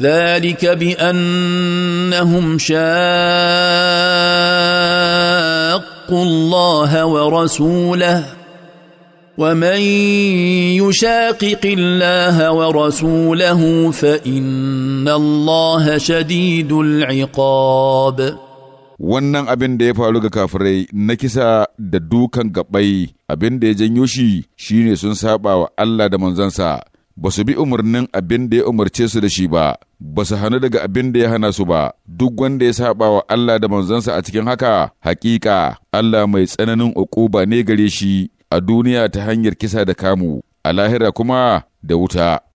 ذلك بانهم شاقوا الله ورسوله ومن يشاقق الله ورسوله فان الله شديد العقاب wannan abin da ya faru ga kafirai na kisa da dukan gabai abin da ya janyo shi shine sun saba wa Allah da manzansa ba su bi umarnin abin da ya umarce su da shi ba, ba su hannu daga abin da ya hana su ba, duk wanda ya saba wa Allah da manzansa a cikin haka, hakika Allah mai tsananin uquba ne gare shi a duniya ta hanyar kisa da kamu, a lahira kuma da wuta.